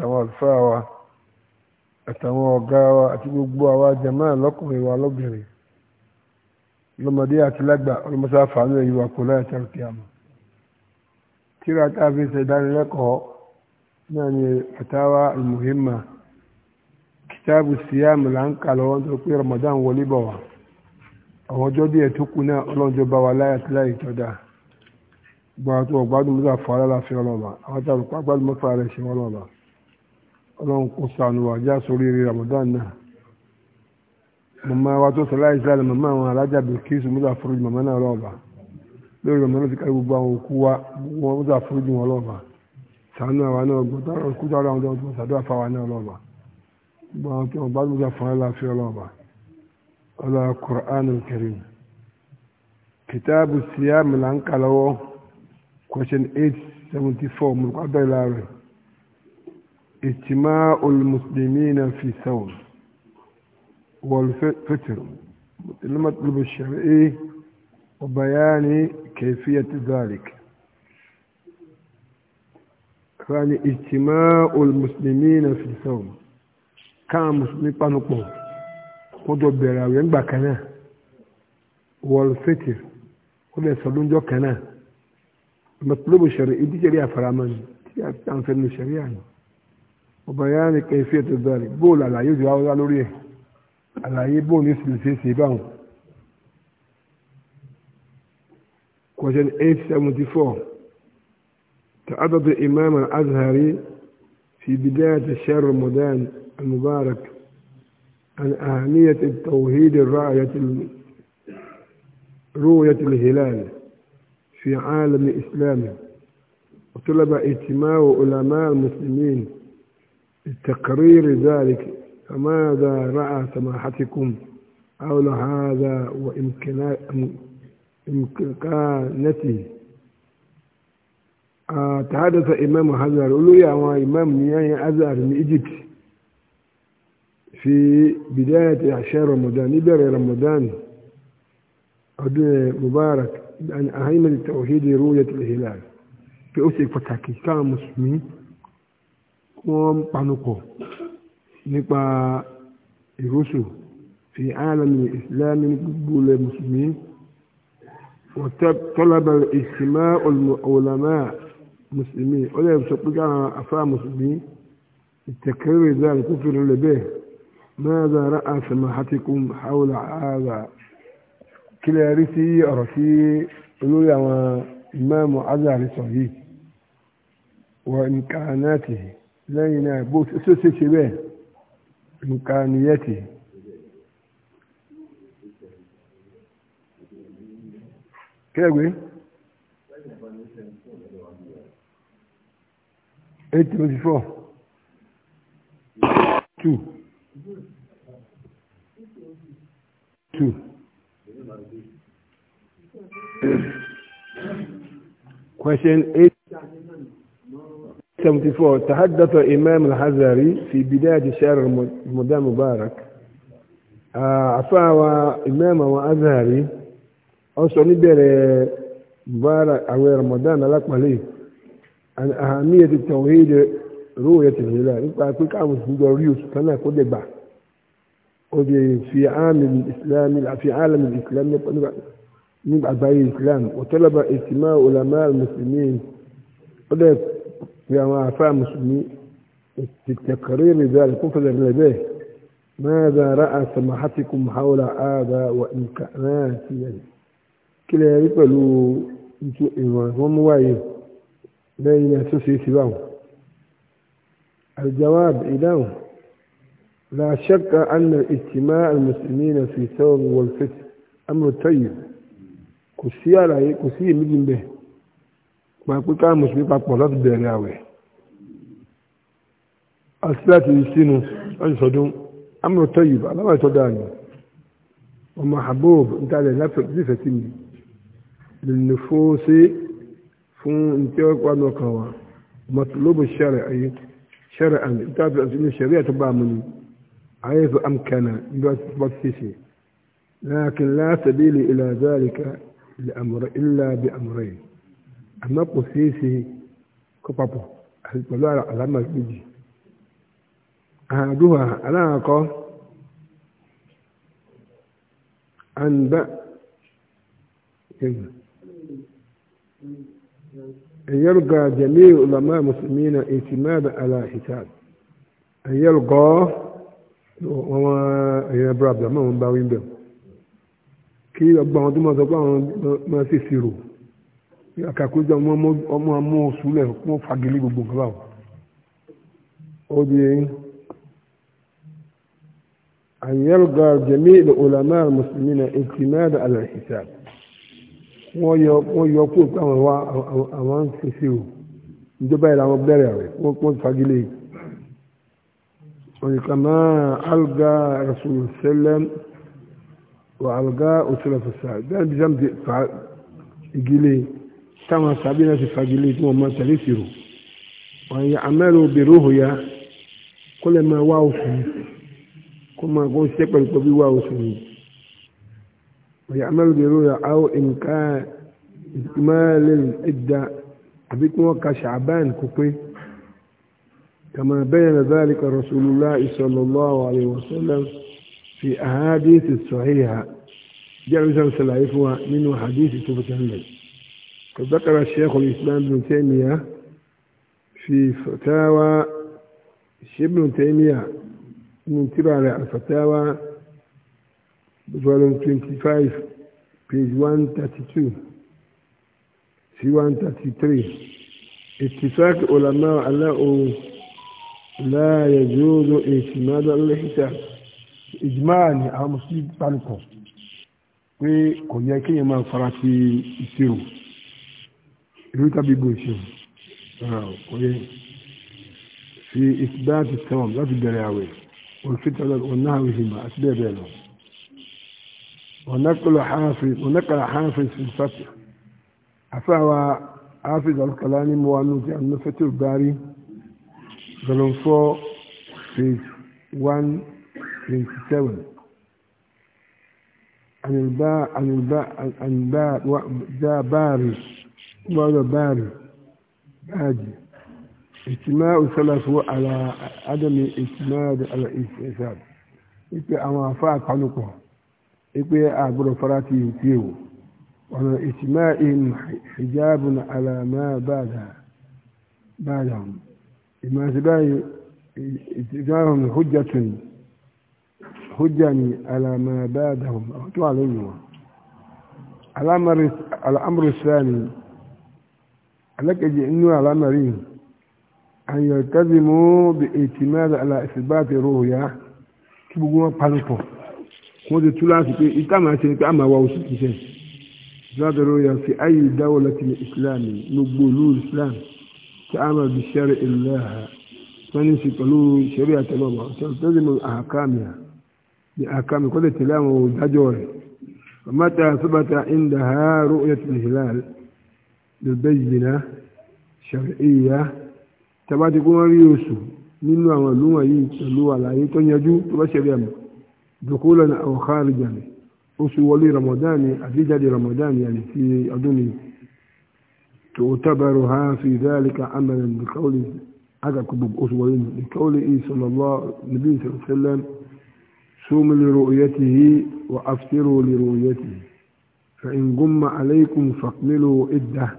àtàwọn àlùfáà wa àtàwọn ọ̀gá wa àti gbogbo àwa jàmá lọ́kùnrin wa lọ́bìnrin lọ́mọdé àti lágbà ọlọ́mọsá fàánù ẹ̀yìn wa kò láyà tẹ̀rù kí a mọ̀. tíra tá a fi ṣe ìdánilẹ́kọ̀ọ́ náà ni fatawa almuhimma kìtàbù síyàmù là ń kà lọ́wọ́ tó pé Ramadan wọlé bọ̀ wá àwọn ọjọ́ díẹ̀ tó kù náà ọlọ́njọ́ bá wa láyà tí láyè tọ́ dáa gbọ́n alálàáfíà ọlọ́ba àwọn táwọn pàgbádùn mọ́tà rẹ̀ ṣe ọlọ́run kò sànù wà já sórí eré Ramadan náà màmá wa tó sọlá ìsàlẹ̀ màmá àwọn alájà Bilkisu mọ́tà fúrújì màmá náà lọ́ọ̀bà lórí màmá náà ti kárí gbogbo àwọn òkú wa gbogbo wọn mọ́tà fúrújì wọn lọ́ọ̀bà sànù àwa náà gbọ́n tó àwọn kúta àwọn ọjọ́ tó sàdúrà fáwa náà lọ́ọ̀bà gbogbo àwọn tó wọn bá mọ́tà fúnra láàfin lọ́ọ̀bà ọlọ́ Qur'anul Karim kìtàbù síyá mìlá ń lọ́wọ́ question eight seventy four mọ̀lùkọ́ abẹ́rẹ́ láàrin اجتماع المسلمين في ثور والفتر المطلب الشرعي وبيان كيفية ذلك يعني اجتماع المسلمين في ثور كان مسلمين بانقو قدوا براوين بكنا والفتر قدوا يصلون جو كنا المطلب الشرعي دي جريا فرامن دي جريا فرامن شريعي وبيان كيفية ذلك بول على يوزي هاو قالوا ليه على يبون يسل في سيبان كوشن 874 تعدد الإمام الأزهري في بداية الشهر رمضان المبارك عن أهمية التوحيد الرعية رؤية الهلال في عالم الإسلام وطلب اجتماع علماء المسلمين لتقرير ذلك فماذا رأى سماحتكم حول هذا وإمكانته آه، تحدث إمام هذا العلوية وإمام نياية يعني أزهر من إيجيبت في بداية إعشار رمضان إبر رمضان عدن مبارك an ahimar التوحيد رؤيه الهلال في ó sì pàtàkì مسلمين wọ́n ń panupọ̀ nípa ìrúsù fi àlàmì ìsìlámì gbogbo ilẹ̀ mùsùlùmí wọ́tọ́lábà ìsìmá ọ̀làmà mùsùlùmí ó lè sọ pé káwọn afá mùsùlùmí ìtẹ̀kẹ́rẹ́ ìdáàrí kó fèrè lè bẹ́ẹ̀ ماذا رأى سماحتكم حول هذا كلا رسي أرسي قلوا يا إمام عزة لصحيح وإمكاناته lẹ́yìn náà bó ṣe ṣe ṣe bẹ́ẹ̀ nǹkan nìyẹ́tì. kẹ́gbé eight twenty four two two question eight. 74 تحدث إمام الحزري في بداية شهر رمضان مبارك عفاوى إمام وأزهري أصلا نبير مبارك أو رمضان لك مليه عن أهمية التوحيد رؤية الهلال يبقى كل عام سندوريوس كان كل بعد في عام الإسلام في عالم الإسلام نبقى باي الإسلام وطلب اجتماع علماء المسلمين قلت في àwọn àfáà في تكرير ذلك كفر به ماذا رأى سماحتكم حول هذا وإن كناسيا كلا يقبلوا انتو ايمان هم وايه بين سوسي سباهم الجواب إله لا شك أن اجتماع المسلمين في ثور والفتح أمر طيب كسي على كسي مجن به wọ́n pé ká mùsùlùmí papọ̀ láti bẹ̀rẹ̀ àwẹ̀ àti láti sínú láti sọdún amúlò tọ́yì aláwọ̀ tó dáa ni ọmọ habub ntalẹ̀ nífẹ̀ẹ́ sí mi lè fún sí fún ntí wọ́n pa lọ́kàn wa mọ̀tòlóbù ṣẹ̀rẹ̀ ayé ṣẹ̀rẹ̀ àmì ntalẹ̀ àti ní ṣẹ̀rẹ̀ àti bá a mú ni ayé fi amkana bí wọ́n ti ṣe لكن لا سبيل إلى ذلك لأمر إلا بأمرين àmọ́ kò ṣeé ṣe kó papọ̀ pẹ̀lú àlámà méjì àdúrà aláàkọ́ àǹdá يلقى جميع علماء المسلمين اعتمادا على حساب أن يلقى وما يبرد ما من باوين بهم kí ọgbà àwọn tó máa sọ pé àwọn máa ṣe ṣirò àkàkójọ ọmọ ọmọ oṣù lẹ̀ fún fagilé gbogbo nǹkan báwọn ó di eyín àyẹ̀lgà jẹ̀mí ilẹ̀ ọ̀làmà mùsùlùmí na ìtìmáàdà àlàìsísà wọ́n yọ wọ́n yọ kó àwọn wa àwọn ń fèsì o ìjọba ìlà àwọn bẹ̀rẹ̀ rẹ̀ wọ́n pọ́n fagilé òyìnkàmá alga rasulù sẹlẹm wà alga òṣèlú fẹsà bẹ́ẹ̀ bí sàm ti fa ìgilé táwọn sàbí náà ti fagilé tí wọ́n máa tẹ̀lé ìṣirò wọ́n yẹ amẹ́rò bèrè òhò ya kó lè máa wá oṣù yìí kó máa kó ṣe pẹ̀lú pé bí wá oṣù yìí wọ́n yẹ amẹ́rò bèrè òhò ya àwọn nǹkan ìmọ̀lẹ́ ìdá àbí kí wọ́n ka ṣàbán kó pé kàmá bẹ́yẹn náà báyìí kan rasulullah sallallahu alaihi wasallam fi ahadith sọ̀híhà jẹ́ àbísọ̀ sàlàyé fún wa nínú hadith tó fi tẹ́lẹ̀. وذكر الشيخ الإسلام ابن تيمية في فتاوى الشيخ ابن تيمية من تبع الفتاوى بفولوم 25 page 132 في 133 اتفاق علماء على لا يجوز اعتماد الحساب ìjìmáà ni àwọn mùsùlùmí في nìkan pé kò yẹ kéèyàn bad ìlú tàbí gbòòsì ọ̀yẹ́ fi ìsìbáàtì tẹ́wọ̀n láti on àwẹ̀ òfìtà ọ̀nà àwẹ̀ ìhìmà àti bẹ́ẹ̀ bẹ́ẹ̀ lọ. ونقل حافظ في الفتح أفاوى حافظ الكلام موانوتي أن فتح الباري volume 4 page 127 عن الباء عن الباء عن الباء جاء باري gbọ́dọ̀ báàlù báàjì ìtìmá òsàlàfó àlà ádámì ìtìmá àlà ìsẹ̀sà wípé àwọn afá àpánupọ̀ wípé àgbọ̀dọ̀ fara ti ìtì èwò ọ̀nà ìtìmá hijab na àlà máa báàdà báàdà ìmọ̀ sí báyìí ìtìmá òhun hujjatun hujjani ala ma badahum wato ẹlẹ́kẹ̀jẹ̀ inú àlámẹ̀rí àyọ̀ tẹ́sí mú bí ètì mẹ́rin àlà ìsìgbà àti rohò yá kí gbogbo wọn panupọ̀ kí wọ́n ti tú láti pé ìta máa ṣe pé àmà wa oṣù kìíṣẹ́ ìsìgbà àti rohò yá sí ayé ìdáwọ́ láti ní islam gbogbo olú islam tí a máa fi ṣẹ́rẹ̀ ìlú ẹ̀hà wọ́n ní sí pẹ̀lú ìṣẹ́rí àtẹlọ́mọ tẹ́sí mú àkàmì àkàmì kọ́lẹ̀ tẹ̀lé àwọn òdájọ́ rẹ̀ mọ́ta sọ́bàtà ìndàhà rú'yat al-hilal للبينة شرعية تبعتي قوم أبي يوسف من نوع ولوما يتلو على يتون يجو تبشر بيام دخولا أو خارجا أسو ولي رمضان أفيدة لرمضان يعني في أدوني تعتبرها في ذلك عملا بقول هذا كبب أسو ولي بقول إيه صلى الله النبي صلى الله عليه وسلم سوم لرؤيته وأفطروا لرؤيته فإن قم عليكم فاقملوا إده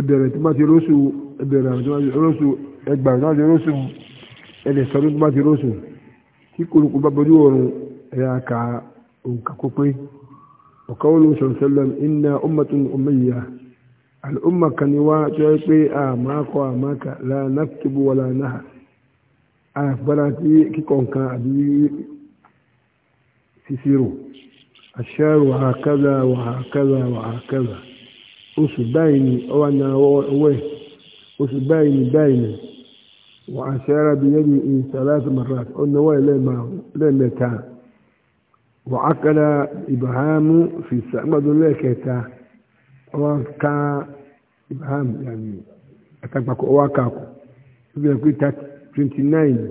ẹbẹ̀rẹ̀ tí máa ti róṣù ẹbẹ̀rẹ̀ àwọn tí máa ti róṣù ẹgbàá tí máa ti róṣù ẹlẹ̀ sọdún tí máa ti róṣù tí kòlùkù bá bojú ọ̀run ẹ̀yà ka òǹkà kó pé ọ̀ká wọn ló sọ sẹlẹm iná ọmọtún ọmọyìyà al'umma kan ni wá tí wọ́n pé a máa kọ́ a máa kà lánà tóbu wà lánà àgbára tí kíkọ̀ nǹkan àbí sísírò àṣẹ́rò wàhákàzà wàhákàzà wàhákàzà. oṣù báyìí ni ọwọ́ na ọwọ́ ẹ̀ oṣù báyìí ni báyìí ni wọ́n aṣáára bí yẹ́n ìṣàlàyé marat ọ̀nà ọwọ́ ẹ̀ lẹ́ẹ̀mẹ́ta wọ́n akada ibrahimu fi sàgbàdo lẹ́ẹ̀kẹta ọwọ́ ká ibrahim yàrá àtàgbàkọ ọwọ́ akáàkọ ibi ẹ̀kú ìta twenty nine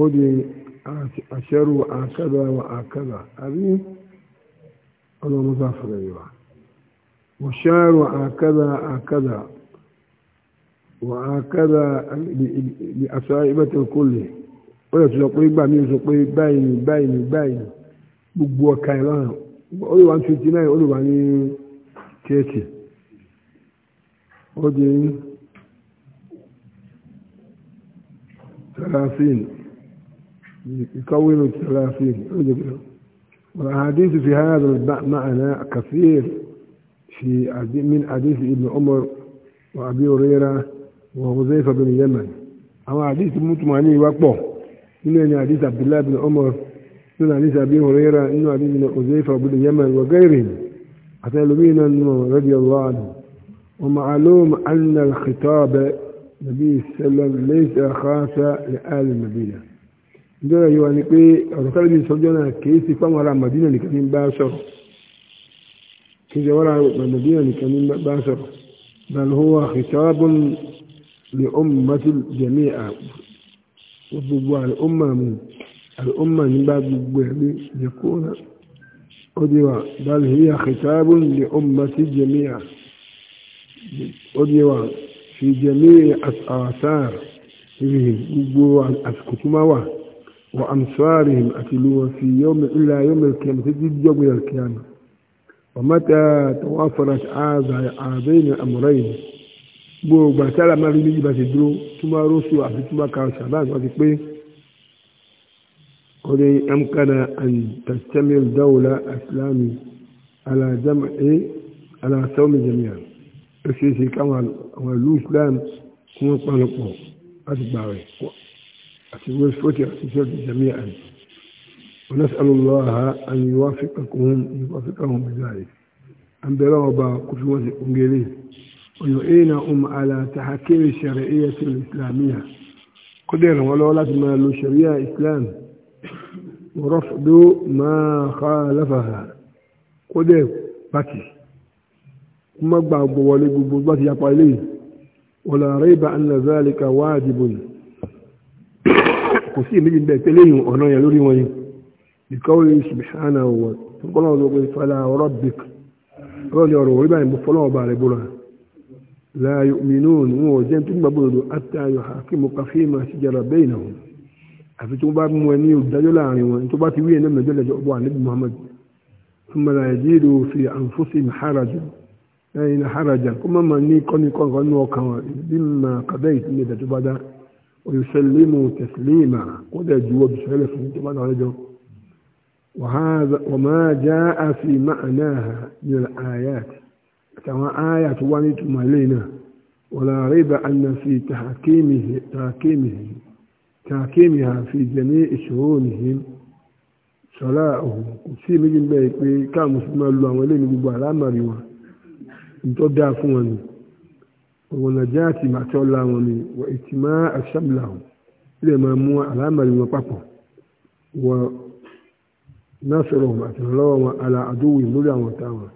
ó di aṣẹ́rù àkàdà wà àkàdà àbí ọlọ́mọdé وشعر هكذا هكذا وهكذا لأصائبة الكل ó lè sọ pé gbà mí sọ pé báyìí ni báyìí ni báyìí ni gbogbo ọ̀ka ẹ̀ lọ́nà olùwà ní twenty nine olùwà ní thirty sarafin sarafin في من حديث ابن عمر وابي هريره وحذيفه بن يمن او حديث مطمئن وقبو من حديث عبد الله بن عمر من حديث ابي هريره انه حديث ابن حذيفه بن يمن وغيرهم حتى رضي الله عنه ومعلوم ان الخطاب النبي صلى الله عليه وسلم ليس خاصا لآل المدينه nígbà yìí wà ní pé ọ̀rọ̀ kálíbi sọ́jọ́ náà kìí sí fáwọn ará màdínà nìkan ní bá sọ̀rọ̀ كذا ولا مدينة كمين باسر بل هو خطاب لأمة الجميع وضبوا الأمة من الأمة من باب يعني يكون أدوى بل هي خطاب لأمة الجميع أدوى في جميع الآثار بهم وضبوا أسكتما وأمصارهم أتلوا في يوم إلا يوم القيامة تجد يوم القيامة ومتى توافرت هذين الأمرين gbogbo àtàrà máa rí méjì bá ti dúró túmọ̀ rọ́ṣù àti túmọ̀ kan ṣàbáàgbà ti pé orí amkana an tastamil dawla islami ala jam'i ala sawmi jami'a ó ṣe é ṣe káwọn àwọn ìlú islam kí wọ́n pàlọ́pọ̀ láti gbà rẹ̀ àti wọ́n fọ́tì àti sọ́ọ̀tì jami'a àti ونسأل الله أن يوافقكم يوافقهم بذلك أن بلغبا كفوة أنجلي أم على تحكيم الشرعية الإسلامية قدر ولولا ما له شريعة إسلام ورفض ما خالفها قدر باتي كما بعض ولي باتي يقالي ولا ريب أن ذلك واجب كثير من بيت لهم أنا يلوري وين بقوله سبحانه وتعالى فلا ربك قال يا رب ما فلان بالبلا لا يؤمنون وجن تبدو حتى يحاكمك فيما شجر بينهم àfi tó bá mú ẹni ìdájọ́ láàrin wọn tó bá ti wí ẹni mẹ́jọ lẹ́jọ́ ọgbọ́n àníbi Muhammad ọmọdé àìjírí òfin àǹfóṣì maharaja lẹ́yìn maharaja kó má máa ní kọ́ni kọ́ńkọ́ ní ọkàn wọn bí mà kàdá yìí ní ìdájọ́ bá dá olùsẹ̀lẹ́mù tẹ̀sílẹ́mà kó dẹ̀ ju ọdún sẹ́lẹ̀ fún tó bá dá ọlẹ́jọ́. وهذا وما جاء في معناها من الآيات كما آية ونتم علينا ولا ريب أن في تحكيمه تحكيمه تحكيمها في جميع شؤونهم صلاحه sí méjì ń bẹ́ẹ̀ pé káà mùsùlùmí lu àwọn eléyìí gbogbo àlámàrí wọn nítorí dáa fún wọn ni ọ̀wọ̀n nàìjíríà àti màtí ọ̀la wọn ni wọ́n ètì máa àṣàbìlà wọn ilẹ̀ máa mú àlámàrí wọn papọ̀ wọ́n نصرهم أتلوهم على عدو مولى وتعالى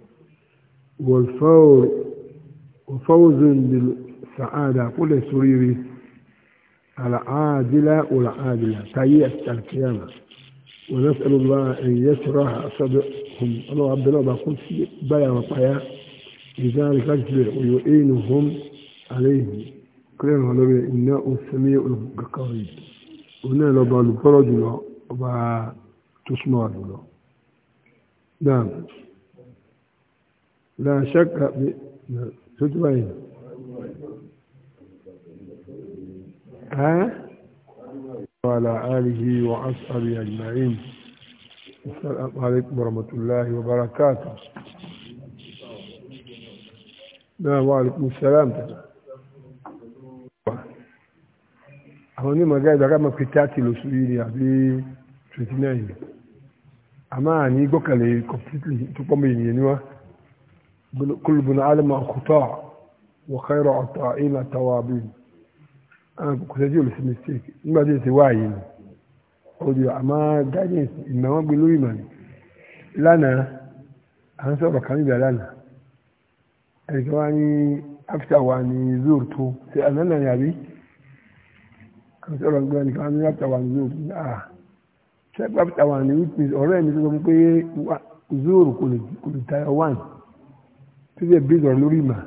والفور وفوز بالسعادة كل سرير العادلة والعادلة تهيئة القيامة ونسأل الله أن يشرح صدرهم الله عبد الله بقول بيا وطيا لذلك أجبر ويعينهم عليه كلنا هنقول إنه السميع القريب هنا لو بالبرج تسمع له نعم لا شك ب... ها وعلى آله وأصحابه أجمعين السلام عليكم ورحمة الله وبركاته نعم وعليكم السلام أنا ما قاعد أقام في تاتي لسويني أبي 29 àmọ́ àní gbọ́kànlé completely tó pọ́nmọ́ ènìyàn ni wá kullu bun alima kuta wa khayra ọ̀tọ̀ ilà tawabi kò sẹ́jú olùsí mistake nígbà tí èsì wáyé ni ó di àmọ́ guidance ìmọ̀ wọn gbé lórí ìmọ̀ ni lánàá à ń sọ̀rọ̀ kan níbi àlànà ẹ̀ka wa ní after wa ní zoro tó ṣe àlànà yàrá à ń sọ̀rọ̀ nígbà ní after wa ní zoro tó check up tower ni which means ọ̀rẹ́ mi sọ pé zoro kò lè tayọ one tó jẹ́ bí ìdọ̀rọ̀ lórí ìmà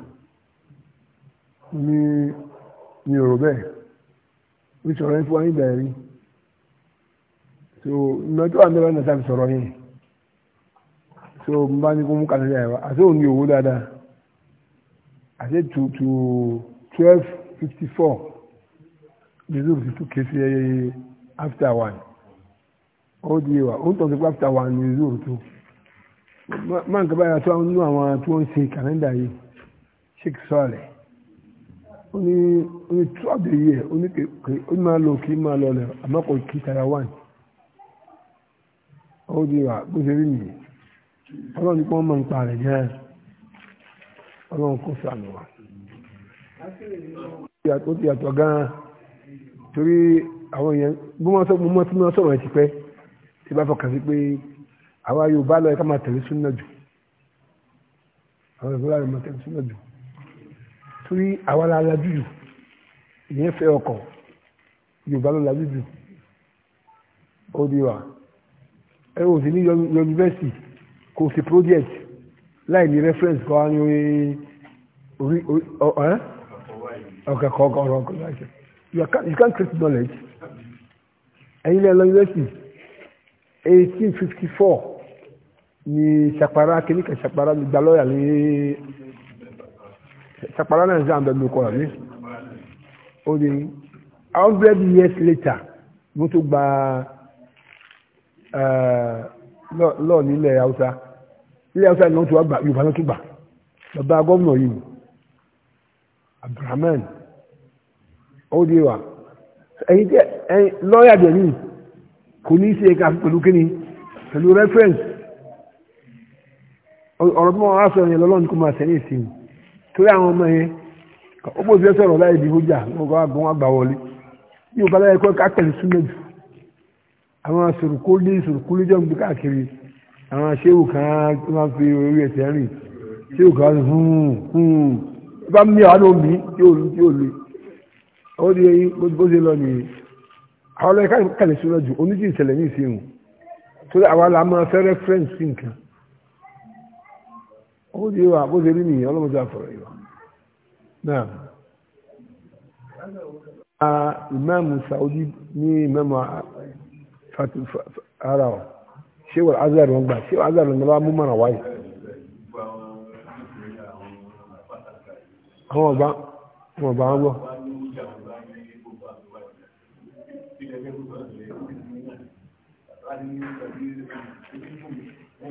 ní ní ọ̀rọ̀ bẹ́ẹ̀ ó sọ̀rọ̀ fún wáyé rí so mẹ́tọ́ àmẹ́rẹ́ náà sáfi sọ̀rọ̀ yẹn so n bá ní kó mú kàlẹ́ àìwá àti òun ní owó dáadáa àti tù tù twelve fifty four ní zoro fifty two kc after one ó di wa ó ń tọ́ sí pàtàkì wa ní ìlú òtú máa ń kábàáyà tó ń nú àwọn tí wọ́n ń ṣe kàlẹ́ndà yìí sheik sọ́ọ̀lẹ̀ ó ní ó ní two of the year ó ní kéèké ó ní máa lọ kí máa lọ lẹ̀ àmọ́ kò kí tara one ó di wa bó ṣe rí nìyí ọlọ́run ní kí wọ́n máa ń pa rẹ̀ jẹ́ ọlọ́run kó sànù wa. ó ti yàtọ̀ gan-an torí àwọn èèyàn bí wọ́n sọ mo mọ́ tí wọ́n sọ̀rọ̀ ẹ̀ ti pẹ́ tí bá fọkàn sí pé àwa Yorùbá lọ yẹ ká máa tẹ̀lé súnà jù àwọn Yorùbá lọ máa tẹ̀lé súnà jù torí àwa la lajú jù ìyẹn fẹ́ ọkọ̀ Yorùbá lọ lajú jù ó di wa ẹ ò sí ní yunifásitì kò sí project láì ní reference kọ́ á ní orí ọ̀hán ọ̀kẹ́ ọ̀rọ̀ ọ̀kọ́ you can't create knowledge ẹ̀yin lẹ́yìn lọ yunifásitì. 1854 ni Ṣàpárá kìnìkà Ṣàpárá ní gba lọ́yà ní Ṣàpárá náà zan bẹ̀rẹ̀ lóko rẹ̀ ní ó di hundred years later mo tó gba eh, lọ́ọ̀ nílẹ̀ Haúsá ilé Haúsá ni wọ́n tún wá gbà Yorùbá ló tún gbà bàbá gómìnà yìí Abdulrahman ó di wa ẹ̀yin tí ẹ̀yin lọ́ọ̀yà dẹ̀ yìí kò ní í ṣe ká pẹ̀lú kíni pẹ̀lú reference ọ̀rọ̀ tó máa wá sọ yẹn lọ́lọ́run kó máa tẹ̀ ní ìsìn torí àwọn ọmọ yẹn ó bó ti sọ̀rọ̀ láì di ìhójà lọ́gọ́ àgbọn wọn gbà wọlé ní òkà láyé kọ́ ká tẹ̀lé súnmọ́ jù àwọn sòrùkú ní sòrùkú níjọ́ níbi káàkiri àwọn aṣẹ́wò kan tó máa fi orí ẹ̀sẹ̀ rìn aṣẹ́wò kan hùn hùn hmm, hmm. bá mi àwọn omi yóò lè ó di àwọn ọlọ́yẹ̀ká kàlẹ̀ sí lọ́jù oníjì ìṣẹ̀lẹ̀ ní ìṣẹ́hùn torí àwa la máa fẹ́ rẹ́fẹ́rẹ́ǹsì sí nǹkan ó di wa bó ṣe rí nìyẹn ọlọ́mọdé àfọ̀rọ̀ yìí wa náà a ìmáàmù Saudi ní ìmáàmù ara ọ̀ ṣé wọ́n azar wọn gbà ṣé wọ́n azar wọn lọ́wọ́ múmọ́ra wáyé àwọn ọba wọn gbọ́.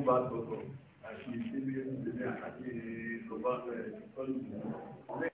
back with